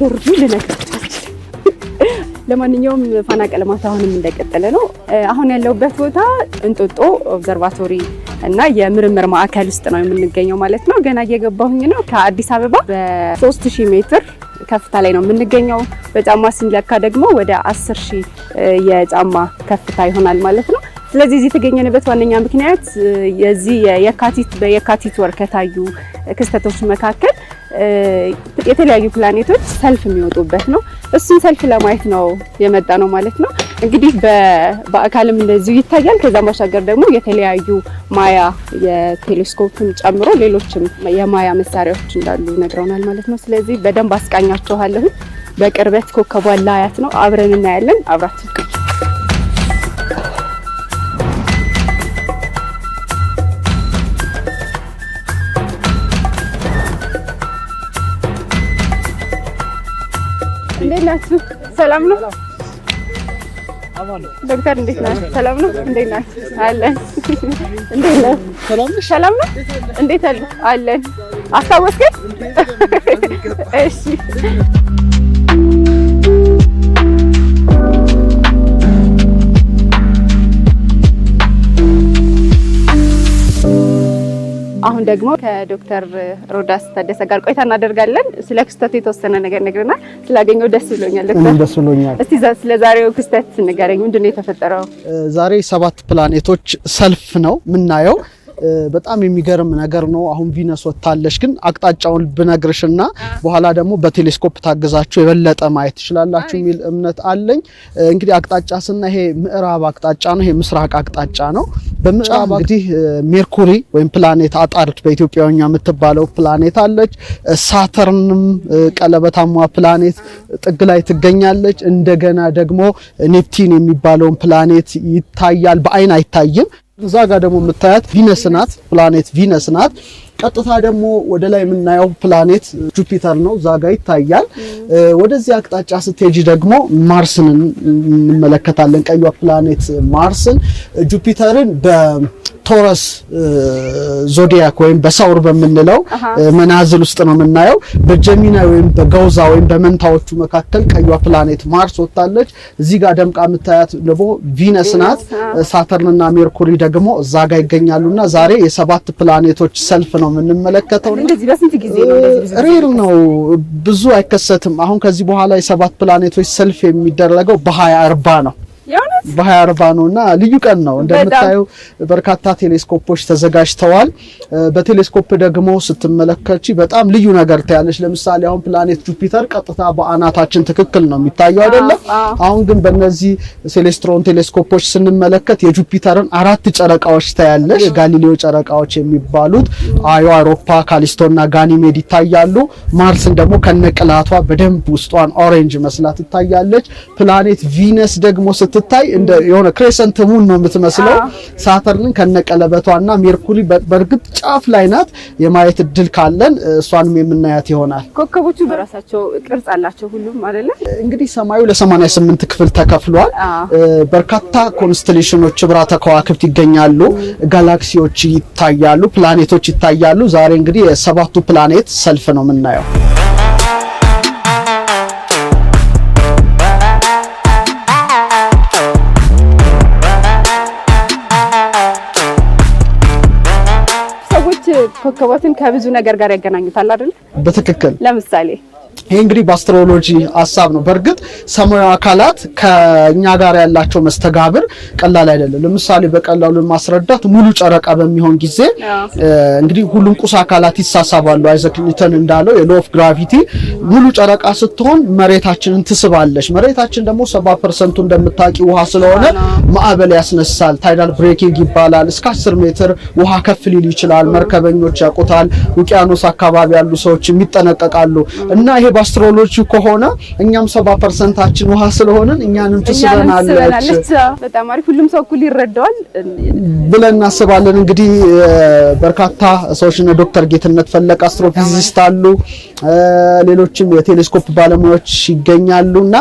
እንደሚበርዱ ልነግራችሁ ለማንኛውም ፋና ቀለማት አሁንም እንደቀጠለ ነው። አሁን ያለሁበት ቦታ እንጦጦ ኦብዘርቫቶሪ እና የምርምር ማዕከል ውስጥ ነው የምንገኘው ማለት ነው። ገና እየገባሁኝ ነው። ከአዲስ አበባ በ3000 ሜትር ከፍታ ላይ ነው የምንገኘው። በጫማ ስንለካ ደግሞ ወደ 10000 የጫማ ከፍታ ይሆናል ማለት ነው። ስለዚህ እዚህ የተገኘንበት ዋነኛ ምክንያት የዚህ የካቲት በየካቲት ወር ከታዩ ክስተቶች መካከል የተለያዩ ፕላኔቶች ሰልፍ የሚወጡበት ነው። እሱን ሰልፍ ለማየት ነው የመጣ ነው ማለት ነው። እንግዲህ በአካልም እንደዚሁ ይታያል። ከዛም ባሻገር ደግሞ የተለያዩ ማያ የቴሌስኮፕን ጨምሮ ሌሎችም የማያ መሳሪያዎች እንዳሉ ነግረውናል ማለት ነው። ስለዚህ በደንብ አስቃኛችኋለሁ። በቅርበት ኮከቧን ላያት ነው፣ አብረን እናያለን። አብራችሁ እንዴት ናችሁ? ሰላም ነው? ዶክተር እንዴት ናችሁ? ሰላም ነው? እንዴት ናችሁ? አለን። እንዴት ነው? ሰላም ነው? እንዴት አለን። አስታወስከኝ። እሺ አሁን ደግሞ ከዶክተር ሮዳስ ታደሰ ጋር ቆይታ እናደርጋለን። ስለ ክስተቱ የተወሰነ ነገር ነግረናል። ስላገኘው ደስ ብሎኛል ዶክተር። ደስ ብሎኛል። እስቲ ስለ ዛሬው ክስተት ንገረኝ። ምንድን ነው የተፈጠረው? ዛሬ ሰባት ፕላኔቶች ሰልፍ ነው የምናየው። በጣም የሚገርም ነገር ነው። አሁን ቪነስ ወጥታለች፣ ግን አቅጣጫውን ብነግርሽና በኋላ ደግሞ በቴሌስኮፕ ታግዛችሁ የበለጠ ማየት ትችላላችሁ የሚል እምነት አለኝ። እንግዲህ አቅጣጫ ስና ይሄ ምዕራብ አቅጣጫ ነው፣ ይሄ ምስራቅ አቅጣጫ ነው። በምዕራብ እንግዲህ ሜርኩሪ ወይም ፕላኔት አጣርት በኢትዮጵያኛ የምትባለው ፕላኔት አለች። ሳተርንም ቀለበታማ ፕላኔት ጥግ ላይ ትገኛለች። እንደገና ደግሞ ኔፕቲን የሚባለውን ፕላኔት ይታያል። በአይን አይታይም እዛ ጋር ደግሞ የምታያት ቪነስ ናት፣ ፕላኔት ቪነስ ናት። ቀጥታ ደግሞ ወደ ላይ የምናየው ፕላኔት ጁፒተር ነው፣ እዛ ጋር ይታያል። ወደዚህ አቅጣጫ ስትሄጂ ደግሞ ማርስን እንመለከታለን፣ ቀዩ ፕላኔት ማርስን። ጁፒተርን በቶረስ ዞዲያክ ወይም በሳውር በምንለው መናዝል ውስጥ ነው የምናየው። በጀሚና ወይም በገውዛ ወይም በመንታዎቹ መካከል ቀዩዋ ፕላኔት ማርስ ወጣለች። እዚህ ጋር ደምቃ የምታያት ደግሞ ቪነስ ናት። ሳተርንና ሜርኩሪ ደግሞ እዛ ጋር ይገኛሉና ዛሬ የሰባት ፕላኔቶች ሰልፍ ነው የምንመለከተው። ሬር ነው ብዙ አይከሰትም። አሁን ከዚህ በኋላ የሰባት ፕላኔቶች ሰልፍ የሚደረገው በሀያ አርባ ነው። በሀያ አርባ ነው እና ልዩ ቀን ነው። እንደምታየው በርካታ ቴሌስኮፖች ተዘጋጅተዋል። በቴሌስኮፕ ደግሞ ስትመለከች በጣም ልዩ ነገር ታያለች። ለምሳሌ አሁን ፕላኔት ጁፒተር ቀጥታ በአናታችን ትክክል ነው የሚታየው አይደለም። አሁን ግን በእነዚህ ሴሌስትሮን ቴሌስኮፖች ስንመለከት የጁፒተርን አራት ጨረቃዎች ታያለች። ጋሊሌዮ ጨረቃዎች የሚባሉት አዮ፣ አውሮፓ፣ ካሊስቶ ጋኒሜድ ይታያሉ። ማርስን ደግሞ ከነቅላቷ በደንብ ውስጧን ኦሬንጅ መስላት ትታያለች። ፕላኔት ቪነስ ደግሞ ስትታይ እንደ የሆነ ክሬሰንት ሙን ነው የምትመስለው። ሳተርንን ከነቀለበቷና ሜርኩሪ በእርግጥ ጫፍ ላይ ናት። የማየት እድል ካለን እሷንም የምናያት ይሆናል። ኮከቦቹ በራሳቸው ቅርጽ አላቸው ሁሉም አይደለ? እንግዲህ ሰማዩ ለ88 ክፍል ተከፍሏል። በርካታ ኮንስቴሌሽኖች ብራ ተከዋክብት ይገኛሉ። ጋላክሲዎች ይታያሉ፣ ፕላኔቶች ይታያሉ። ዛሬ እንግዲህ የሰባቱ ፕላኔት ሰልፍ ነው የምናየው። ኮከቦትን ከብዙ ነገር ጋር ያገናኙታል አይደል? በትክክል ለምሳሌ ይሄ እንግዲህ በአስትሮሎጂ ሀሳብ ነው። በእርግጥ ሰማያዊ አካላት ከእኛ ጋር ያላቸው መስተጋብር ቀላል አይደለም። ለምሳሌ በቀላሉ ማስረዳት ሙሉ ጨረቃ በሚሆን ጊዜ እንግዲህ ሁሉም ቁስ አካላት ይሳሳባሉ። አይዘክ ኒውተን እንዳለው የሎ ኦፍ ግራቪቲ ሙሉ ጨረቃ ስትሆን መሬታችንን ትስባለች። መሬታችን ደግሞ ሰባ ፐርሰንቱ እንደምታውቂ ውሃ ስለሆነ ማዕበል ያስነሳል። ታይዳል ብሬኪንግ ይባላል። እስከ አስር ሜትር ውሃ ከፍ ሊል ይችላል። መርከበኞች ያውቁታል። ውቅያኖስ አካባቢ ያሉ ሰዎች የሚጠነቀቃሉ እና ይሄ ኮሌስትሮሎች ከሆነ እኛም ሰባ ፐርሰንታችን ውሃ ስለሆንን እኛንም ትስበናለች። በጣም አሪፍ ሁሉም ሰው እኩል ይረዳዋል ብለን እናስባለን። እንግዲህ በርካታ ሰዎች እነ ዶክተር ጌትነት ፈለቀ አስትሮፊዚስት አሉ፣ ሌሎችም የቴሌስኮፕ ባለሙያዎች ይገኛሉ እና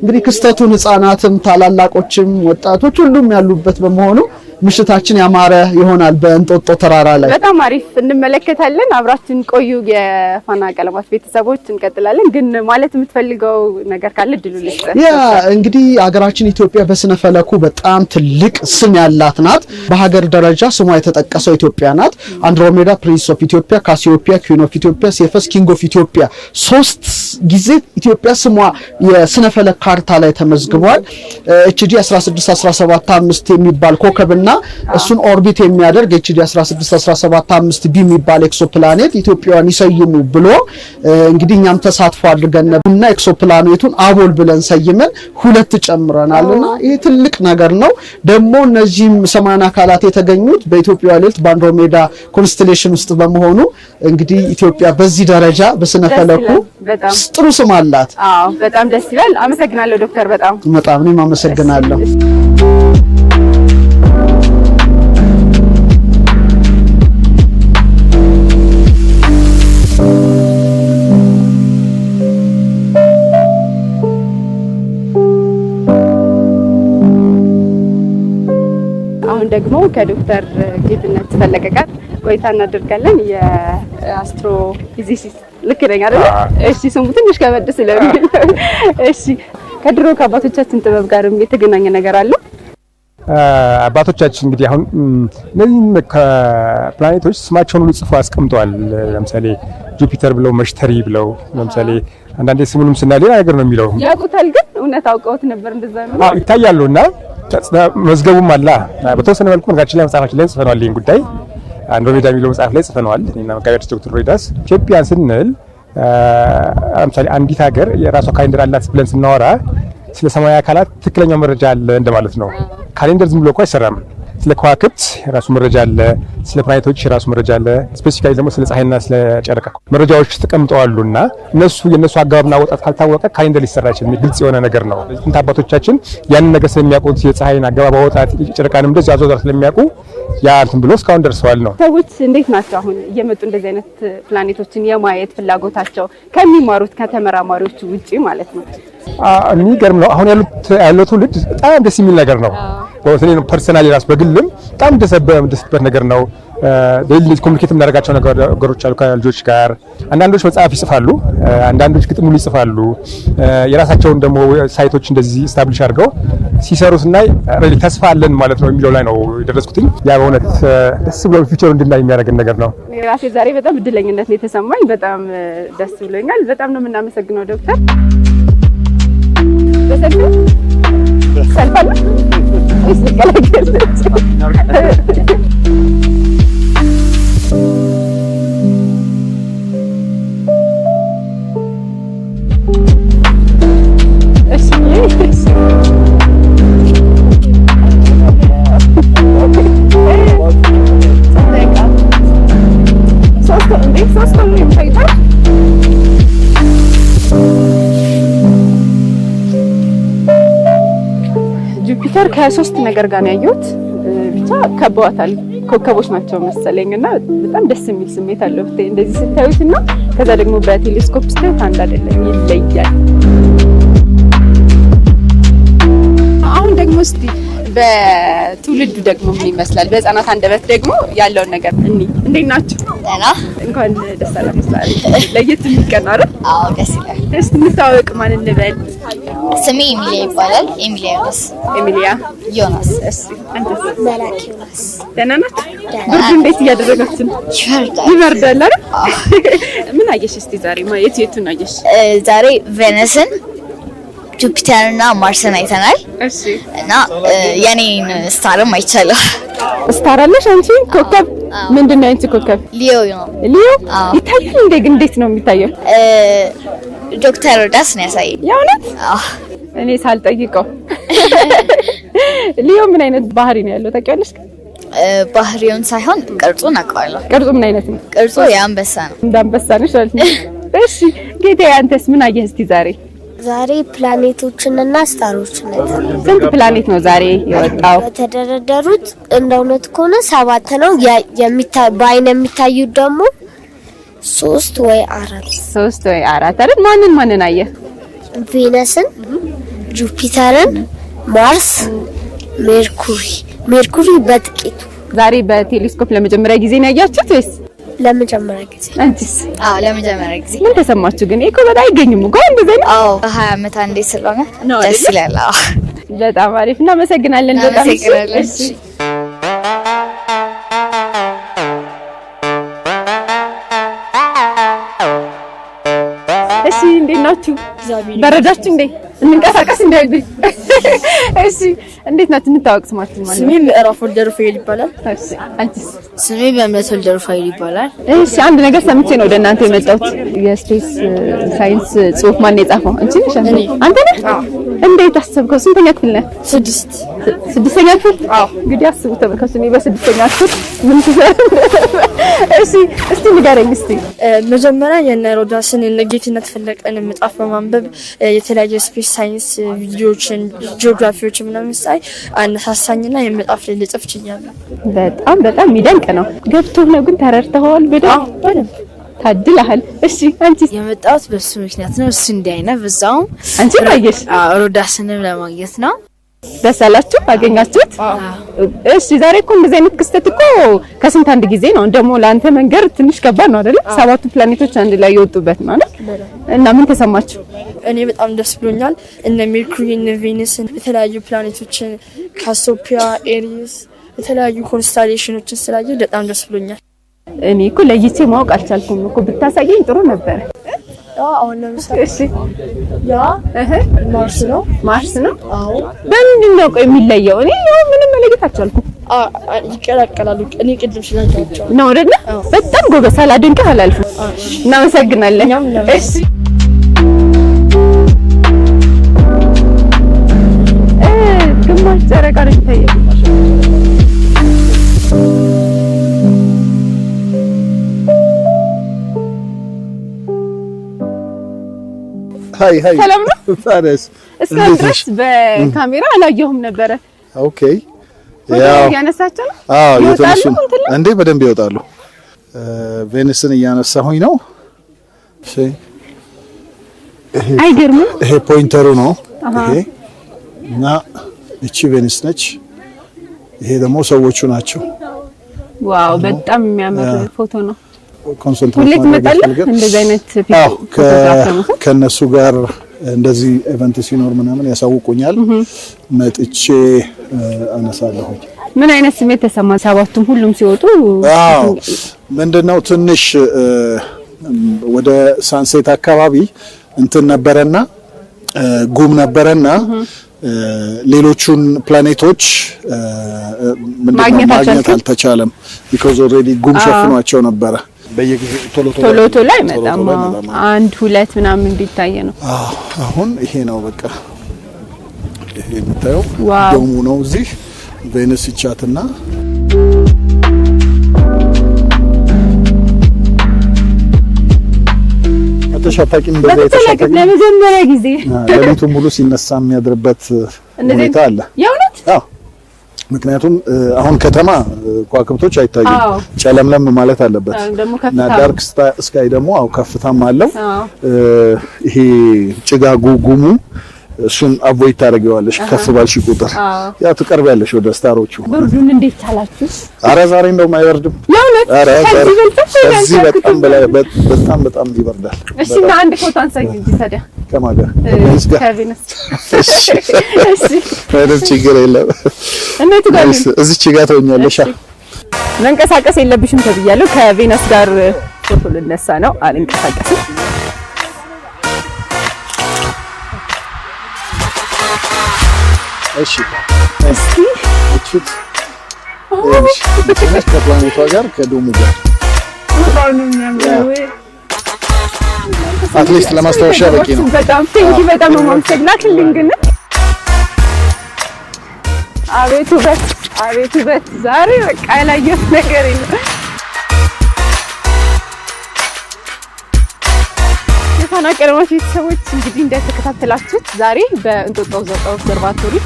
እንግዲህ ክስተቱን ህጻናትም ታላላቆችም ወጣቶች ሁሉም ያሉበት በመሆኑ ምሽታችን ያማረ ይሆናል። በእንጦጦ ተራራ ላይ በጣም አሪፍ እንመለከታለን። አብራችን ቆዩ። የፋና ቀለማት ቤተሰቦች እንቀጥላለን። ግን ማለት የምትፈልገው ነገር ካለ እድሉ ያ እንግዲህ ሀገራችን ኢትዮጵያ በስነ ፈለኩ በጣም ትልቅ ስም ያላት ናት። በሀገር ደረጃ ስሟ የተጠቀሰው ኢትዮጵያ ናት። አንድሮሜዳ ፕሪንስ ኦፍ ኢትዮጵያ፣ ካሲዮፒያ ኪን ኦፍ ኢትዮጵያ፣ ሴፈስ ኪንግ ኦፍ ኢትዮጵያ ሶስት ጊዜ ኢትዮጵያ ስሟ የስነ ፈለክ ካርታ ላይ ተመዝግቧል። ኤችዲ 5 የሚባል ኮከብ እና እሱን ኦርቢት የሚያደርግ ኤችዲ 16175 ቢ የሚባል ኤክሶፕላኔት ኢትዮጵያውያን ይሰይሙ ብሎ እንግዲህ እኛም ተሳትፎ አድርገን እና ኤክሶፕላኔቱን አቦል ብለን ሰይመን ሁለት ጨምረናል እና ይህ ትልቅ ነገር ነው። ደግሞ እነዚህም ሰማን አካላት የተገኙት በኢትዮጵያ ሌልት በአንድሮሜዳ ኮንስቴሌሽን ውስጥ በመሆኑ እንግዲህ ኢትዮጵያ በዚህ ደረጃ በስነ ፈለኩ ጥሩ ስም አላት። በጣም ደስ ይላል። አመሰግናለሁ ዶክተር። በጣም በጣም እኔም አመሰግናለሁ። ደግሞ ከዶክተር ጌትነት ፈለቀ ጋር ቆይታ እናደርጋለን። የአስትሮ ፊዚሲስት ልክ ነኝ አይደል? እሺ፣ ስሙ ትንሽ ከበድ ስለሚል እሺ። ከድሮ ከአባቶቻችን ጥበብ ጋር የተገናኘ ነገር አለ። አባቶቻችን እንግዲህ አሁን እነዚህም ከፕላኔቶች ስማቸውን ሁሉ ጽፎ አስቀምጠዋል። ለምሳሌ ጁፒተር ብለው መሽተሪ ብለው ለምሳሌ አንዳንዴ ስሙንም ስና ሌላ ነገር ነው የሚለው ያውቁታል። ግን እውነት አውቀውት ነበር እንደዛ ነው ይታያሉ እና መዝገቡም አላ በተወሰነ መልኩ መጋችን ላይ መጽሐፋችን ላይ ጽፈነዋል። ይህን ጉዳይ አንድሮሜዳ የሚለው መጽሐፍ ላይ ጽፈነዋል እና መጋቢያችን ዶክተር ሮዳስ ኢትዮጵያን ስንል ለምሳሌ አንዲት ሀገር የራሷ ካሌንደር አላት ብለን ስናወራ ስለ ሰማያዊ አካላት ትክክለኛው መረጃ አለ እንደማለት ነው። ካሌንደር ዝም ብሎ እኮ አይሰራም። ስለ ከዋክብት የራሱ መረጃ አለ፣ ስለ ፕላኔቶች የራሱ መረጃ አለ። ስፔሲፊካሊ ደግሞ ስለ ፀሐይና ስለ ጨረቃ መረጃዎች ተቀምጠዋሉ እና እነሱ የእነሱ አገባብና አወጣት ካልታወቀ ካሌንደር ሊሰራ አይችልም። ግልጽ የሆነ ነገር ነው። ጥንት አባቶቻችን ያንን ነገር ስለሚያውቁት የፀሐይን አገባብ አወጣት፣ ጨረቃንም እንደዚህ አዞዛር ስለሚያውቁ ያ እንትን ብሎ እስካሁን ደርሰዋል ነው። ሰዎች እንዴት ናቸው አሁን እየመጡ እንደዚህ አይነት ፕላኔቶችን የማየት ፍላጎታቸው ከሚማሩት ከተመራማሪዎቹ ውጪ ማለት ነው? የሚገርም ነው። አሁን ያሉት ያለው ትውልድ በጣም ደስ የሚል ነገር ነው። በተለይ ፐርሰናል የራስ በግልም በጣም ደስበት ነገር ነው። ዴሊ ኮሚኒኬት የምናደርጋቸው ነገሮች አሉ ከልጆች ጋር። አንዳንዶች መጽሐፍ ይጽፋሉ፣ አንዳንዶች ግጥም ይጽፋሉ። የራሳቸውን ደግሞ ሳይቶች እንደዚህ ስታብሊሽ አድርገው ሲሰሩ ስናይ ሬሊ ተስፋ አለን ማለት ነው የሚለው ላይ ነው የደረስኩትኝ። ያ በእውነት ደስ ብሎ ፊቸሩ እንድናይ የሚያደርገን ነገር ነው። ራሴ ዛሬ በጣም እድለኝነት ነው የተሰማኝ። በጣም ደስ ብሎኛል። በጣም ነው የምናመሰግነው ዶክተር ಸ್ವಲ್ಪ Thank you. ነገር ከሶስት ነገር ጋር ነው ያየሁት። ብቻ ከበዋታል። ኮከቦች ናቸው መሰለኝ እና በጣም ደስ የሚል ስሜት አለው እንደዚህ ስታዩት እና ከዛ ደግሞ በቴሌስኮፕ ስታዩት አንድ አይደለም፣ ይለያል። አሁን ደግሞ እስኪ ትውልዱ ደግሞ ምን ይመስላል? በህፃናት አንደበት ደግሞ ያለውን ነገር እኒ እንዴት ናችሁ? ደህና እንኳን ደስ መስላል። ለየት የሚቀና አይደል? አዎ ደስ ይላል። ደስ የምታወቅ ማን እንበል? ስሜ ኤሚሊያ ይባላል። ኤሚሊያ ዮናስ። ኤሚሊያ ዮናስ። እሺ አንተ መላክ ዮናስ። ደህና ናችሁ? ብርዱ እንዴት እያደረጋችሁ ነው? ይበርዳል፣ ይበርዳል ምን አየሽ? እስቲ ዛሬ ማየት የቱን አየሽ? ዛሬ ቬነስን ጁፒተር እና ማርስን አይተናል እና የኔን ስታርም አይቻለሁ። ስታር አለሽ አንቺ? ኮከብ ምንድን ነው አንቺ? ኮከብ ሊዮ ነው። ሊዮ ይታያል እንዴ? እንዴት ነው የሚታየው? ዶክተር ዳስ ነው ያሳየኝ። የእውነት እኔ ሳልጠይቀው። ሊዮ ምን አይነት ባህሪ ነው ያለው ታውቂያለሽ? ባህሪውን ሳይሆን ቅርጹን አውቀዋለሁ። ቅርጹ ምን አይነት ነው? ቅርጹ የአንበሳ ነው። እንዳንበሳ ነሽ ማለት ነው። እሺ ጌታዬ፣ አንተስ ምን አየህ እስቲ ዛሬ? ዛሬ ፕላኔቶችንና ስታሮችን ስንት ፕላኔት ነው ዛሬ የወጣው? የተደረደሩት እንደ እውነት ከሆነ ሰባት ነው። በአይን የሚታዩት ደግሞ ሶስት ወይ አራት ሶስት ወይ አራት አይደል? ማንን ማንን አየ? ቬነስን፣ ጁፒተርን፣ ማርስ፣ ሜርኩሪ ሜርኩሪ በጥቂቱ። ዛሬ በቴሌስኮፕ ለመጀመሪያ ጊዜ ነው ያያችሁት ወይስ ለመጀመሪያ ጊዜ አንቺስ? አዎ ለመጀመሪያ ጊዜ። ምን ተሰማችሁ ግን? እኮ በጣም አይገኝም እኮ እንደዚህ ነው። አዎ በሀያ ዓመት አንዴ ስለሆነ ደስ ይላል። አዎ በጣም አሪፍ። እናመሰግናለን። በጣም እሺ እሺ። እንዴት ናችሁ? በረዳችሁ እንዴ? እንንቀሳቀስ እንዳይልብኝ። እሺ፣ እንዴት ናት? እንታወቅ። ስማችን ማለት ነው? ስሜ ምዕራፍ ወልደሩ ፋይል ይባላል። እሺ፣ አንቺስ? ስሜ በእምነት ወልደሩ ፋይል ይባላል። እሺ፣ አንድ ነገር ሰምቼ ነው ወደ እናንተ የመጣሁት። የስፔስ ሳይንስ ጽሑፍ ማን የጻፈው? አንቺ ነሽ? አንተ ነህ? እንዴት አሰብከው? ስንተኛ ክፍል ነህ? ስድስት ስድስተኛ ክፍል። አዎ፣ እንግዲህ አስቡ ተመልካችሁ፣ እኔ በስድስተኛ ክፍል ምን ትሰራለህ? እሺ እስቲ ንገረኝ እስቲ መጀመሪያ የነ ሮዳስን ጌትነት ፈለቀን መጽሐፍ በማንበብ የተለያዩ ስፔስ ሳይንስ ቪዲዮዎችን፣ ጂኦግራፊዎችን ምናምን ሳይ አነሳሳኝና የመጽሐፍ ላይ ልጽፍ ችያለሁ። በጣም በጣም የሚደንቅ ነው። ገብቶ ነው ግን ተረድተኸዋል በደንብ በደንብ ታድላል። እሺ አንቺ የመጣሁት በሱ ምክንያት ነው። እሱ እንዲያይና በዛውም አንቺ ማየሽ ሮዳስንም ለማግኘት ነው። ደስ አገኛችሁት። እሺ ዛሬ እኮ እንደዚህ አይነት ክስተት እኮ ከስንት አንድ ጊዜ ነው። ደግሞ ለአንተ መንገር ትንሽ ከባድ ነው አይደል? ሰባቱ ፕላኔቶች አንድ ላይ የወጡበት ማለት እና ምን ተሰማችሁ? እኔ በጣም ደስ ብሎኛል። እነ ሜርኩሪ፣ እነ ቬኑስ፣ የተለያዩ ፕላኔቶችን ካሶፒያ፣ ኤሪስ የተለያዩ ኮንስታሌሽኖችን ስላየ በጣም ደስ ብሎኛል። እኔ እኮ ለይቼ ማወቅ አልቻልኩም እኮ ብታሳየኝ ጥሩ ነበር። አሁን ለምሳሌ ያ ማርስ ነው ማርስ ነው። አዎ በምንድን ነው የሚለየው? እኔ ያው ምንም መለየት አልቻልኩም። ይቀላቀላሉ። እኔ ቅድም ስላልኳቸው ነው አይደለ? በጣም ጎበዝ። ሳላደንቅህ አላልፍም። እናመሰግናለን። እሺ ግማሽ ጨረቃ ነው የሚታየው። ሰላም ነው። እስካሁን ድረስ በካሜራ አላየሁም ነበረ። ኦኬ እያነሳቸው ነው። አዎ የተነሱ እንዴ፣ በደንብ ይወጣሉ። ቬኒስን እያነሳሁኝ ነው። እሺ፣ አይገርምም? ይሄ ፖይንተሩ ነው። ይሄ እና እቺ ቬኒስ ነች። ይሄ ደግሞ ሰዎቹ ናቸው። ዋው፣ በጣም የሚያምር ፎቶ ነው። ኮንሰልታንት ማድረግ ከነሱ ጋር እንደዚህ ኢቨንት ሲኖር ምናምን ያሳውቁኛል፣ መጥቼ አነሳለሁ። ምን አይነት ስሜት ተሰማ? ሰባቱም ሁሉም ሲወጡ ምንድነው ትንሽ ወደ ሳንሴት አካባቢ እንትን ነበረና ጉም ነበረና ሌሎቹን ፕላኔቶች ማግኘት አልተቻለም። ቢኮዝ ኦልሬዲ ጉም ሸፍኗቸው ነበረ። ቶሎ ቶሎ አይመጣም። አንድ ሁለት ምናምን ቢታየ ነው። አሁን ይሄ ነው በቃ ይሄ የምታየው ደሙ ነው። እዚህ ቬነስ ይቻትና ተሻታቂም ለመጀመሪያ ጊዜ ሌሊቱን ሙሉ ሲነሳ የሚያድርበት ሁኔታ አለ። ምክንያቱም አሁን ከተማ ከዋክብቶች አይታዩም። ጨለምለም ማለት አለበት እና ዳርክ ስካይ ደግሞ አው ከፍታም አለው ይሄ ጭጋጉ ጉሙ እሱን አቮይድ ታደርጊዋለሽ። ከፍ ባልሽ ቁጥር ያ ትቀርቢያለሽ ወደ ስታሮቹ። ብርዱን እንዴት ቻላችሁ? ኧረ ዛሬ እንደውም አይበርድም። ኧረ እዚህ በጣም በጣም በጣም ይበርዳል። እሺ፣ እና አንድ ፎቶ አንሳኝ እንጂ ታዲያ ከማን ጋር እሺ፣ ምንም ችግር የለም። ጋር እዚች ጋር ትሆኛለሽ። መንቀሳቀስ የለብሽም ተብያለሁ። ከቬነስ ጋር ፎቶ ልነሳ ነው። አልንቀሳቀስም እሺ እስቲ እቺት እሺ ከፕላኔቷ ጋር ከዶሙ ጋር አትሊስት ለማስታወሻ በቂ ነው። በጣም ቴንኪ በጣም ማመሰግናለሁ። ግን አቤት ውበት፣ አቤት ውበት! ዛሬ በቃ ያላየሁት ነገር የለም። የፋና ቀለማት ቤተሰቦች እንግዲህ እንደተከታተላችሁት ዛሬ በእንጦጦ ዘውቀ ኦብዘርቫቶሪ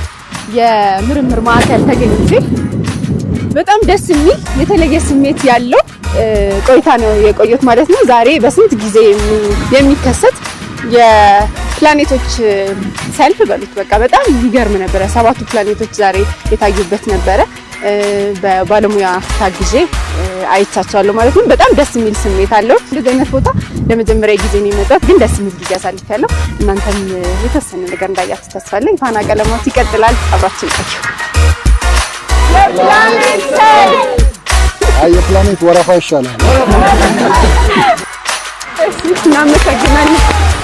የምርምር ማዕከል ተገኝቼ በጣም ደስ የሚል የተለየ ስሜት ያለው ቆይታ ነው የቆየሁት ማለት ነው። ዛሬ በስንት ጊዜ የሚከሰት የፕላኔቶች ሰልፍ በሉት በቃ በጣም ይገርም ነበረ። ሰባቱ ፕላኔቶች ዛሬ የታዩበት ነበረ በባለሙያ ታግዤ አይቻቸዋለሁ ማለት ነው። በጣም ደስ የሚል ስሜት አለው። እንደዚህ አይነት ቦታ ለመጀመሪያ ጊዜ ነው የመጣሁት፣ ግን ደስ የሚል ጊዜ ያለው። እናንተም የተወሰነ ነገር እንዳያችሁ ተስፋ አለኝ። ፋና ቀለማት ይቀጥላል። አብራችን ናቸው። የፕላኔት ወረፋ ይሻላል። እናመሰግናለን።